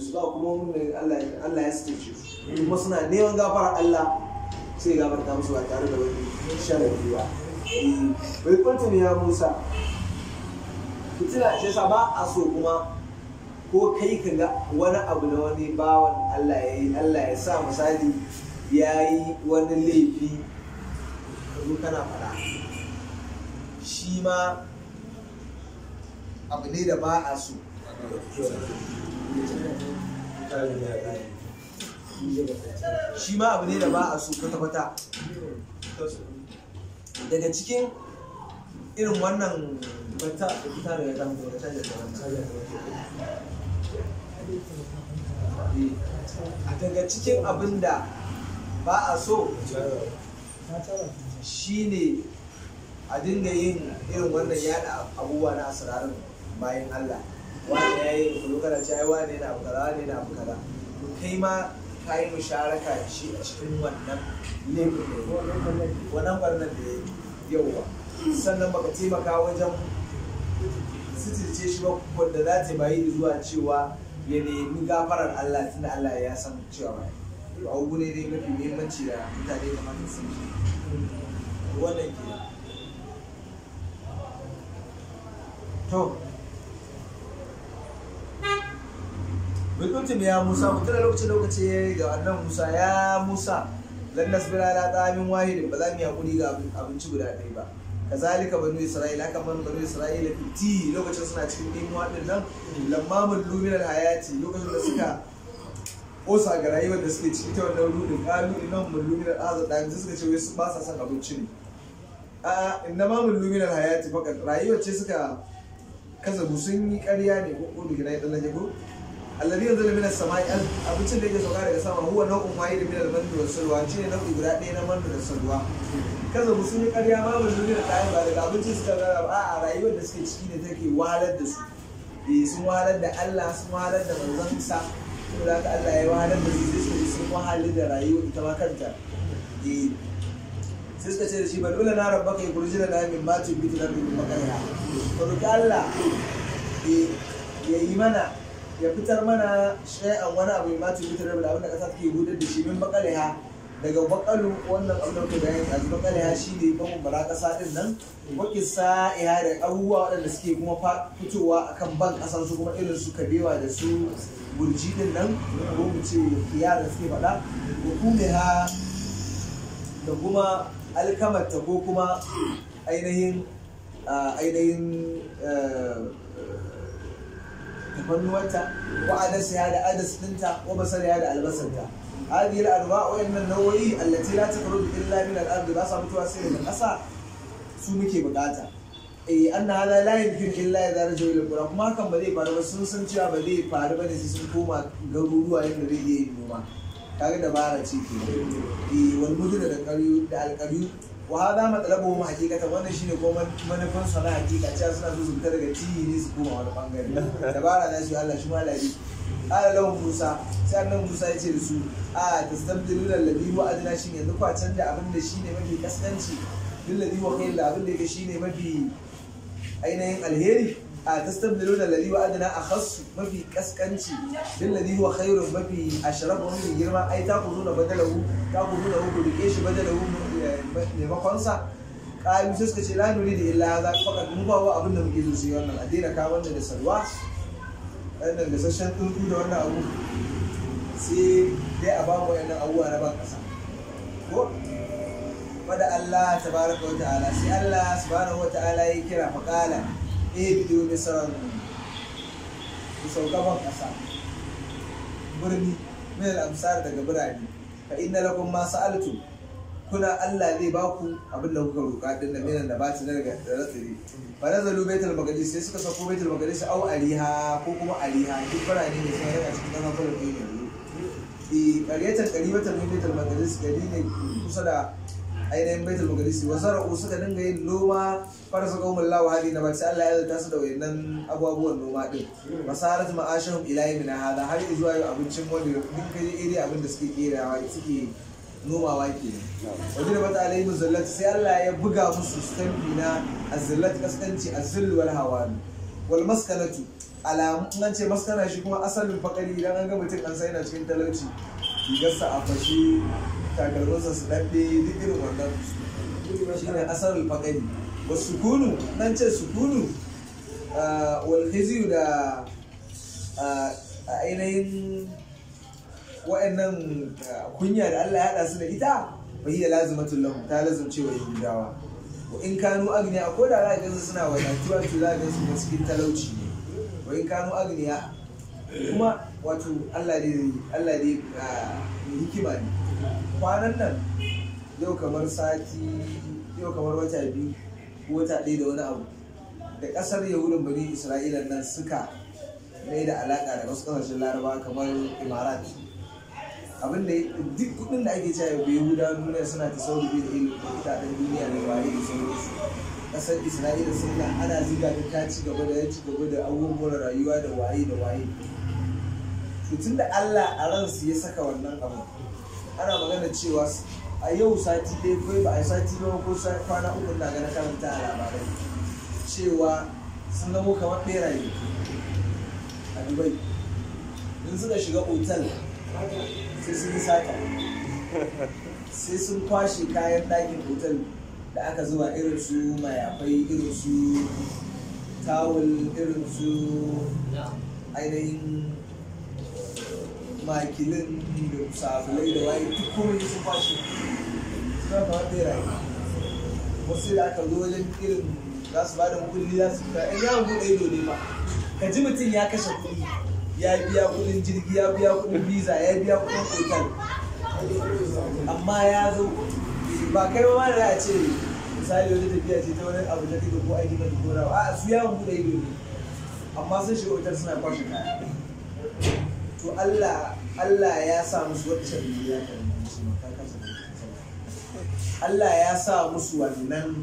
su ba kuma Allah ya suke ce kuma suna neman gafara Allah sai gafarta musu ba tare da wani sharadi ba eh, bai kwanta ne ya musa fitila ce sa ba a so kuma ko kai ka ga wani abu na wani bawan Allah ya yi Allah ya sa misali ya yi wani laifi ka kana fara shi ma abu ne da ba a so shi ma abu ne da ba a so kwata-kwata daga cikin irin wannan bata da fita daga kan da ta a eh, daga cikin abin da ba a so shi ne a dinga yin irin wannan yada abubuwa na asirarin bayan Allah wani ya yi kudu kana ce ai wani yana bukara wani yana bukara to kai ma ka yi musharaka da shi a cikin wannan laifin da wannan barnan da ya yauwa sannan baka taimaka wajen sitirce shi ba wanda za ta bayi zuwa cewa ya nemi gafarar Allah tunda Allah ya san cewa ba abu ne dai mafi muhimmanci da mutane kamar su wannan ke to bikuntum ya musa mutum tuna lokacin lokaci ya yi ga annan musa ya musa lan nasbira ala ta'amin wahidin ba za mu yi hakuri ga abinci guda ɗaya ba kazalika banu isra'ila kamar banu isra'ila fiti lokacin suna cikin nemuwa din nan lamma mullu hayati lokacin da suka kosa ga rayuwar da suke ciki ta wannan rudin kalu inan mullu min al'azab da yanzu suka ce wai ba sa son abinci ne a inna ma mullu min hayati fakat rayuwar ce suka kasabu sun yi ƙarya ne ko ko gina ya tsallake ko alladhi yanzu lamina as-sama'i abincin da yake sauka daga sama huwa nau'in wahid da al-mandu da salwa shi ne nau'i guda ɗaya na mandu da salwa mu sun yi ƙarya ma ba zuri da ɗaya ba daga abincin suka gara ba a rayuwar da suke ciki ne take wahalar da su eh, sun wahalar da Allah sun wahalar da manzon Isa saboda haka Allah ya wahalar da su sai sun wahalar da rayuwar ita ma kanta eh, sai suka ce da shi ba ulana rabbaka da lana min ma da lana min makariha to roki Allah ya yi mana ya fitar mana shay'an wani abu ma tubitu lana da abinda kasa take gudar da shi min makariha daga bakalu wannan abin da muka bayani a zuba shi ne mabambara kasa din nan waki sa'iha da abubuwa waɗanda suke kuma fitowa kan ban ƙasar su kuma irin su kabewa da su gurji din nan ko mu ce kiya da suke faɗa hukumiha da kuma alkamarta ko kuma ainihin ainihin tafannuwarta wa adasa ya da adas ɗinta ko basar ya da albasarta هذه الأنواع وإن النووي illa min al إلا ba sa mutuwa sai سير kasa su muke bukata eh an hada la yakun illa idza rajul ila qura kuma kan ba zai faru ba sun san cewa ba zai faru ba ne sai sun koma garuruwa yadda zai yi noma kaga dabara ce ke bi wani mutu da alqariyu da alqariyu wa mu matlabu ma hakikatan wannan shine ko manufan sana na hakika cewa suna so su fita daga tiyi ne su koma wani bangare dabara na shi Allah shi malami ala lawan Musa sai annabi Musa ya ce da su a tastabdilu alladhi wa adna shi yanzu kwa canja abin da shine mafi kaskanci lillazi wa da abin da yake shine mafi ainihin alheri a tastabdilu da ladhi wa adna akhassu mafi kaskanci bil ladhi huwa khairun mafi ashrafu mafi girma ai ta ku zuna badalahu ta ku zuna ku rike shi badalahu eh, maimakon sa qalu sai suka ce la nuri da illa hadha faqad mu ba wa abin da muke so wannan addina ka wannan da salwa wannan da sassan tuntu da wannan abu sai dai a wannan ko Allah sai Allah subhanahu wa ya kira faqala bidiyo eh, bisan saukaban ƙasa birni min al'amsar daga birane fa inna lakum ma sa'altu kuna Allah zai ba ku abin da kuka roƙa din da minan da baci na daga ratsiri fa nazalu baitul maqdis sai suka sako baitul maqdis au aliha ko kuma aliha duk birane ne sai yana cikin kasar Palestine ne eh ƙaryatar ƙaribatan baitul maqdis gari ne kusa da ainihin baitul muqaddis wa zara'u suka dinga yin noma fara su umar mallawa hali na bace Allah ya zata su da wayannan abubuwan noma din masarat ma'ashahum ila na hada har zuwa yau abincin wanda duk kaje iri abin da suke kerawa suke nomawa ke wajen da bata alaihi zallat sai Allah ya buga musu stampi na azallat kaskanci azul wal hawan wal maskanatu alamu an ce maskana shi kuma asalin fakari idan an ga mutum an sai yana cikin talauci gasa a fashe takalminsa su daɗe duk irin wannan shi ne asarul faƙari wa kunu, nan ce sukunu wal khiziyu da ainihin wa'annan kunya da Allah ya haɗa su da ita fa hiya lazimatul lahum ta lazumce wa yahudawa wa in kanu agniya ko da za ka suna wadatuwa to za ka su cikin talauci ne wa in kanu agniya kuma wato Allah ne Allah ne ah, hikima ne kwanan nan yau kamar sati yau kamar wata biyu wata ɗaya da wani abu da ƙasar yahudun bani isra'ila nan suka mai da alaƙa da wasu ƙasashen laraba kamar imarat abin da duk kudin da ake cewa yahuda nuna suna ta sauri da ilimin kudaden duniya da wari da sauransu ƙasar isra'ila sun ana ziga ta ci gaba da ya ci gaba da abubuwan rayuwa da waye da waye to tunda da Allah a ransu ya saka wannan abu ana magana cewa a yau sati dai kai ba a sati ba ko kwana uku da ga karanta a labarai cewa sun zamo kamar beraye a dubai in suka shiga otal sai sun yi sata sai sun kwashe kayan ɗakin otal da aka zuba irin su mayafai irin su tawul irin su ainihin makilin da sabulai da waye duk komai sun kwashe suna kamar beraye wasu da aka zo wajen irin za su ba da mukulli za su fita in yawon buɗe ido ne ba ka ji mutum ya kashe kuɗi ya biya kuɗin jirgi ya biya kuɗin visa ya biya kuɗin hotel amma ya zo ba kai ba da a ce misali wani tafiya ce ta wani abu da take ko aiki na dogora a su ya buɗe ido ne amma sun shiga hotel suna kwashe kaya to Allah Allah ya sa musu wacce ya Allah ya sa musu wannan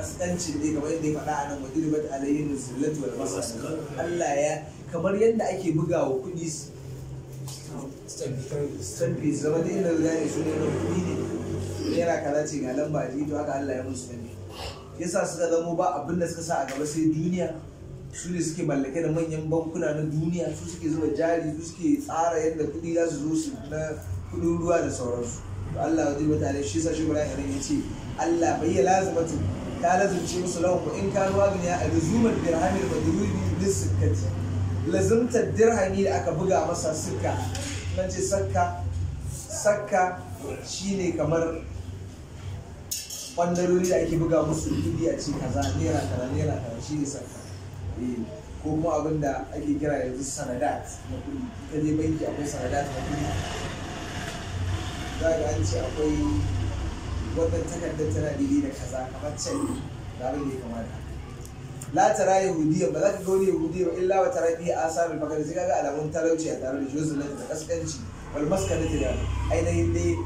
kaskanci ne kamar yadda ya faɗa a nan wa da alayhim zillatu wal masas Allah ya kamar yadda ake buga wa kuɗi stampi zama da ilar gane su ne na kuɗi ne naira kaza ce ga lamba ji to haka Allah ya musu stampi yasa suka zamo ba abin da suka sa a gaba sai duniya su ne suke mallake da manyan bankuna na duniya su suke zuba jari su suke tsara yadda kuɗi za su zo su na kuɗin ruwa da sauransu to Allah ya duba tare shi sa shi Ibrahim ya ya ce Allah bai ya tu ta lazimci musu lawan ko in kanu agniya a luzumat dirhamil madrudi bis sikkati lazimtar dirhami da aka buga masa sukka nan ce sakka sakka shine kamar bandarori da ake buga musu kudi a ce kaza naira kaza naira kaza ne sakka Eh, ko kuma abin da ake kira yanzu sanadat na kudi ka je banki akwai sanadat na kudi? za ga an ce akwai wannan takardar tana daidai da kaza kamar can ne da abin da ya kamata la tara yahudiyya ba za ka gauri wani yahudiyya ba illa ba tara bihi asarin fakar sai kaga alamun talauci a tare da jozulati da kaskanci wal maskanati da ainihin dai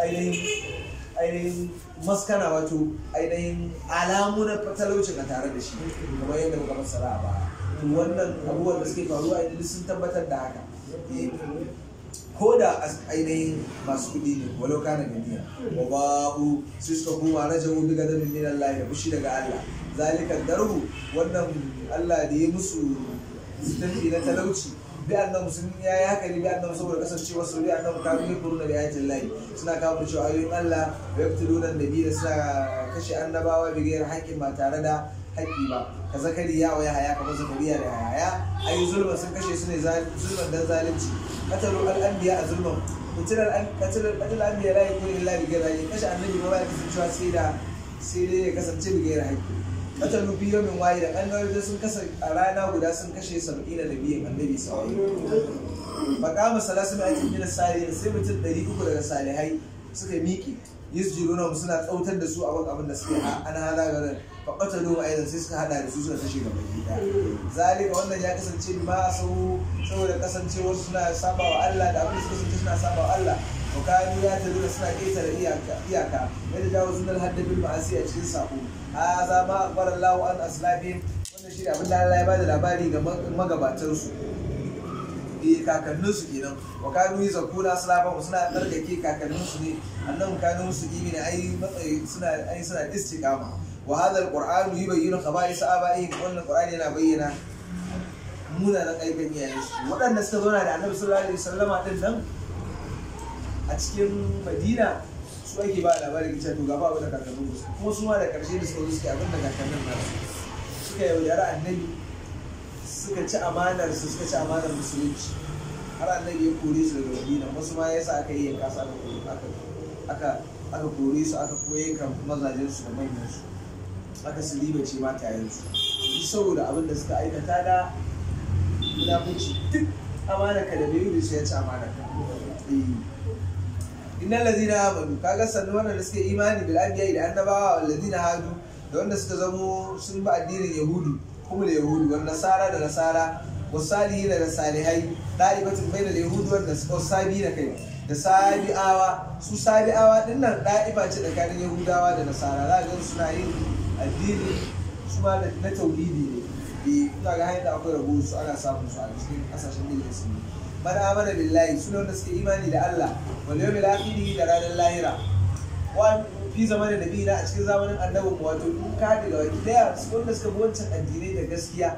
ainihin ainihin maskana wato ainihin alamu na talaucin a tare da shi kamar yadda muka fassara ba baya wannan abubuwan da suke faru a sun tabbatar da haka eh, ko da ainihin masu kuɗi ne walau kana duniya wa ba'u su suka koma na jamu daga da min Allah ya bushi daga Allah zalika darhu wannan Allah da ya musu sitanci na talauci bi annabi sun ya yi haka ne bi annabi saboda kasancewar su bi annabi ka yi furu da ayatin lahi suna kawo cewa ayoyin Allah wa yaqtuluna nabiyya suna kashe annabawa bi gairi haƙƙin ba tare da haƙƙi ba ka waya haya yahaya kamar zakariya da yahaya ayi zulma sun kashe su ne zulman dan zalunci qatalu al a zulman mutunar qatalu al anbiya la yakunu illa bi gairi kashe annabi ba ba ya kasancewa sai da sai dai ya kasance bi gairi haƙƙi Matan rufiro min wayi da da sun kasa a rana guda sun kashe saba'ina da biyan annabi saba'in. Makama salasu mai ake gina da sai mutum ɗari uku daga salihai suka miƙe. yusjiruna suna tsautar da su a wani abin da suke an hada garin faɓata noma a sai suka hada da su suka kashe gaba ɗaya zalika wannan ya kasance ma a saboda kasancewar suna saba wa Allah da abin da suka kasance suna saba Allah ya suna وكانوا يعتدون سنة كيسر إياكا يتجاوزون الحد بالمعاصي أجل سابو هذا ما أخبر الله عن أسلامهم wannan shi ne abin da Allah ya bada labari ga magabatansu eh kakanninsu kenan wa kanu yi zakuna salafa suna tsarkake kakanninsu ne annan kanu su yi ne ai matsayi suna ai suna istiqama wa hadha alquran yubayyinu khaba'is aba'ihim wannan qur'ani yana bayyana munanan aikin iyayensu waɗanda suka zauna da annabi sallallahu alaihi wasallama din nan a cikin madina su ake ba labarin cewa to gaba abin da kakannin su kuma su ma da karshe da suka suke abin da kakannin su suka yaudara annabi suka ci amanar su suka ci amanar musulunci har annabi ya kore su daga madina wasu ma yasa aka yi yanka su aka aka aka kore su aka kuma yanka mazajen su da manyan su aka su ribace matayen su duk saboda abin da suka aikata da munafunci duk amana ka da bai yi da su ya ci amana ka eh. innal ladina amanu kaga sannu wannan da suke imani bil anbiya da annabawa wal ladina hadu da wanda suka zamo sun ba addinin yahudu kuma da yahudu wanda nasara da nasara salihi da salihai da'ibatin bai da yahudu wal sabi da kai da sabi'awa su sabi'awa din nan ba ce tsakanin yahudawa da nasara za ga suna yin addini su ma na tauhidi ne eh ina ga hanyar da akwai rabu su ana samun su a cikin kasashen da yake sun man amana billahi suna wanda suke imani da Allah wal yawmil akhir da ranar lahira wa zama da nabi na a cikin zamanin annabi mu wato duk ka daga wani daya su wanda suka bi wancan addinai da gaskiya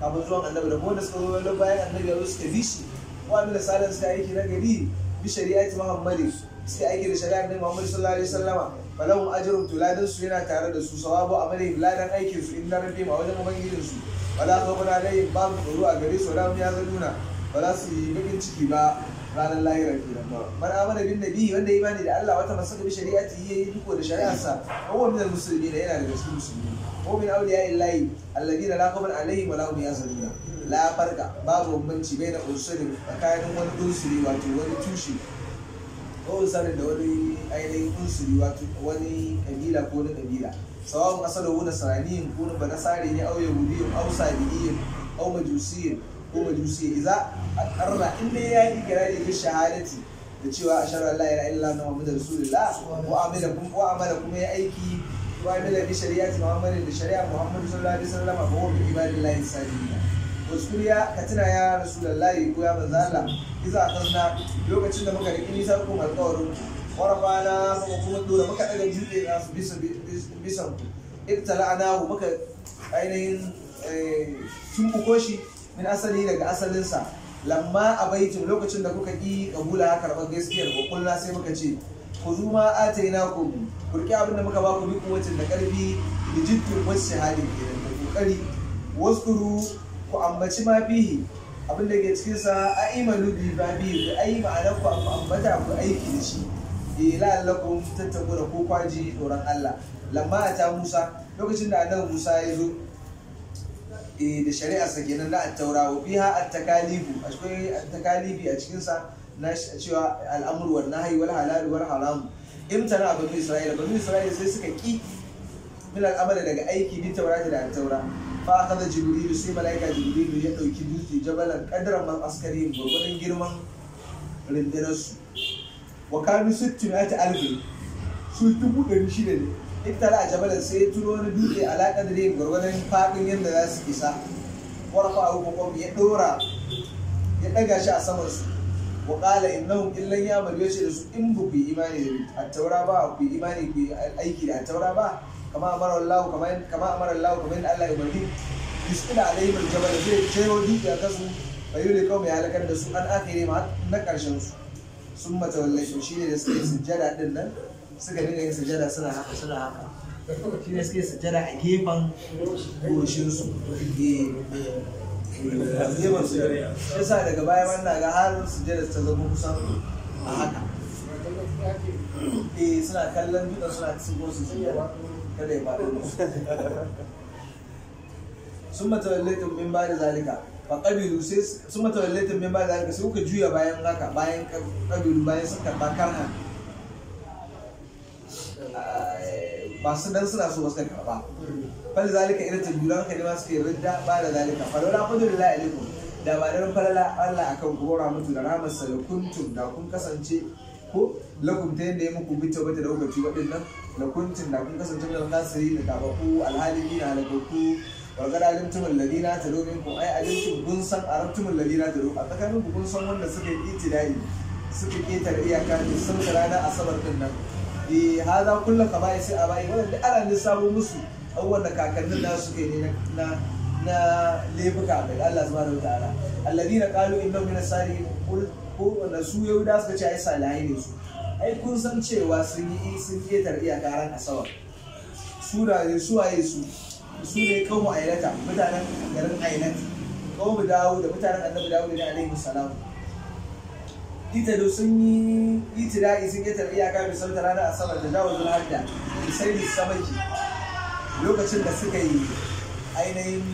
kafin zuwan annabi da wanda suka zo wani bayan annabi ya zo suka bi shi wa amila salan suka aiki na gari bi shari'ati muhammadin suka aiki da shari'ar nabi muhammad sallallahu alaihi wasallama falahum ajrun tuladin su yana tare da su sawabu amali ladan aikin su inda rabbi ma wajen ubangijin su wala khawfun yin babu tsoro a gare su ya hum nuna ba za su yi bakin ciki ba ranar lahira kenan ba man mana bin nabi wanda imani da Allah wata masaka bi shari'ati yi duko da shari'arsa huwa min musulmi da yana daga cikin musulmi ko min awliya illahi alladina la khawfun alaihim wa la hum la farqa babu bambanci bai da usulin tsakanin wani unsuri wato wani tushe ko usulin da wani ainihin unsuri wato wani kabila ko wani kabila sawa'un asalahu nasraniyin ko ba nasari ne au yahudiyin au sabi'iyin au majusiyin ko majusi idza aqarra in dai ya yi kirari da shahadati da cewa a an la ya illa allah muhammadur rasulullah wa amila kun wa amala kuma ya aiki wa amila bi shari'ati muhammadin da shari'a muhammadu sallallahu alaihi wasallam fa huwa bi ibadillahi salihin waskuriya ka tuna ya rasulullahi ko ya manzo Allah idza aqarna lokacin da muka riki nisa ko alƙawarin warfana kuma kuma dora muka daga jude na su bisa bisa ibtala'nahu muka ainihin sun eh, buko shi min asali daga asalinsa lamma a baitin, lokacin da kuka ki kabula karɓar gaskiyar ko sai muka ce ku zuma atainakum ku riki abin da muka ba ku bi kuwacin da karfi da jikin wasu shahadin kenan da kokari waskuru ku ambaci ma fihi abin da ke cikin sa a ma lubi ba bi da ai ma'anar ku ambata ku aiki da shi ila eh, lakum tattaku da ko kwaji tsoron Allah lamma a ta Musa lokacin da annabi Musa ya zo Eh, da shari'arsa kenan na attaura wa biha at-takalifu akwai at a cikin sa na cewa al'amur wal nahyi wal halal wal haram imtana banu isra'ila banu isra'ila sai suka ki min al'amal daga aiki bi taurati da attaura fa akhadha jibril sai malaika jibril ya dauki dutse jabalan qadran man askari gurbin girman rindinar wa kanu 60000 su shida ne iktara a jabalin sai ya turo wani dutse ala kadari gwargwadon faɗin yadda za su isa warfa a hukum ya ɗora ya ɗaga shi a saman su wa qala innahum illan ya'malu yace da su in bu ku imani da a taura ba ku imani ku aiki da a taura ba kama amara Allah kama kama amara Allah kama in Allah ya bari yusqila alaihim al-jabal zai tayo dutse a kasu bayyana kawai ya halakar da su an akhire ma na karshen su sun matawallai shi ne da suke sujjada din nan suka dinga yin sujada suna haka suna haka shi ne suke sujada a gefen goshinsu gefen su shi daga baya wannan ga har sujada ta zama kusan a haka eh suna kallon dutsen suna gosu su kada ya faɗo sun matawallaitin min ba da zalika ba kabilu sai sun matawallaitin min ba da zalika sai kuka juya bayan haka bayan ƙabilu bayan sun karɓa karhan masu dan suna so wasu karba fal zalika irin tajuran kai ma suke ridda ba da zalika fa laula fadlullahi alaikum da ba dan falala Allah akan ku gora mutu da ramar salakuntum da kun kasance ko lakum ta yadda ya muku bi tabbata da lokaci waɗannan lakuntum da kun kasance da nasu yi da tabaku alhalimi da halakaku wa qad alimtum alladina tadu minkum ay alimtum kun san arabtum alladina tadu a tsakanin ku kun san wanda suka yi itidai suka ketare iyaka sun rana asabar din nan eh hada kullu kama sai a bai wannan duk ana lissafo musu abubuwan da kakannin da ke ne na na laifuka daga Allah subhanahu wataala alladina qalu innahum min as-salihin qul ko wanda su yahuda suka ce ai salihai ne su ai kun san cewa sun yi sun ketar iyaka ran asabar su da su waye su su ne kawo ailata mutanen garin ainat kawo dawo da mutanen annabi dawo da alaihi salam ita sun yi itira'i sun yi tarbiya ga misal ta ranar asabar da jawazul hadda sai da sabaki lokacin da suka yi ainihin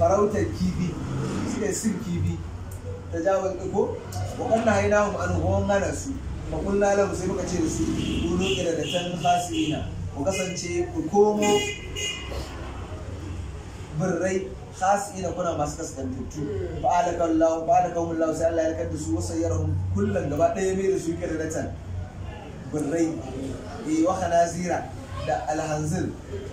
farautar kibi suka yi sin kibi da jawon ɗiko wakanna haina hum an huwan gana su fa kunna lahu sai muka ce da su ku roƙe da tan fasirina ku kasance ku komo birrai khasina kuna masu kaskantattu fa alaka Allah fa alaka Allah sai Allah ya lakar da su wasayyarhum kullan gaba ɗaya mai da su yake da ratan birrai eh da alhanzir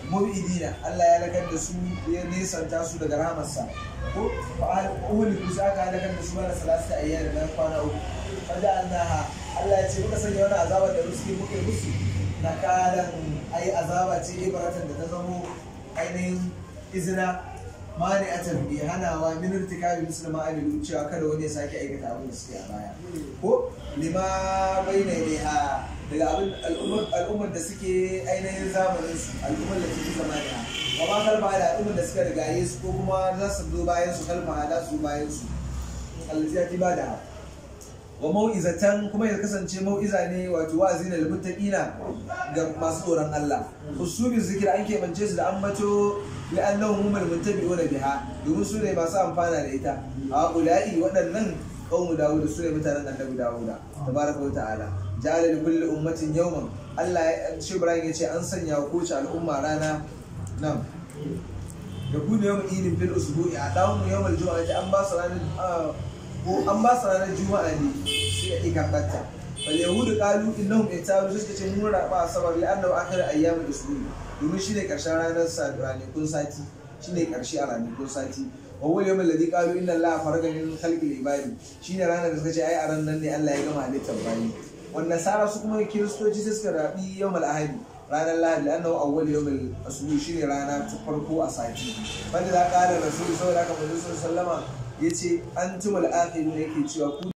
mubidina Allah ya lakar su ya nesanta su daga rahamarsa ko fa alaka uhli ku sai aka lakar da su wala salasa ayyar kwana uku fa Allah ya ce muka sanya wani azaba da ruski muke musu azaba ce ibaratan da ta zamo ainihin izina mani atan bi hanawa min irtikabi misal ma amilu cewa kada wani ya sake aikata abin da suke a baya ko lima ne ilaiha daga abin al'ummar da suke ainihin zamanin su al'ummar da suke zamaniya ba ma kalma da al'ummar da suka rigaye su ko kuma za su zo bayan su kalma da su bayan su alziyati ba da wa mau'izatan kuma ya kasance mau'iza ne wato wa'azi na lil ga masu tsoron Allah usubi zikira an keɓance su da ambato bi annahum humul muttabi'una biha domin su ne masu amfana da ita a ulai waɗannan qaumu dawud su ne mutanen annabi dawud tabaraka ta'ala ja'ala li ummatin yawman Allah shi Ibrahim yace an sanya wa kowace al'umma rana nan da kuna yawan irin fil usbu'i a dawun yawan juma'a an ba ranar ko an ba su ranar juma'a ne sai a ikabata fal yahudu qalu innahum yataru suka ce mun raba asabar la'annahu akhir ayyamul usbu'i domin shi ne ƙarshen ranar ranakun sati shi ne ƙarshe a ranakun sati wa wani yamma ladi ƙalu inna Allah shine ibadi shi ne ranar da suka ce ai a ranar nan ne Allah ya gama ne tabbani. wanda sara su kuma kiristoci sai suka rabi yau ahadi ranar lahadi an nawa awwal yawmal asbu shi ne rana ta farko a sati wanda za ka da sallama ya ce an tumul antumul akhirun yake cewa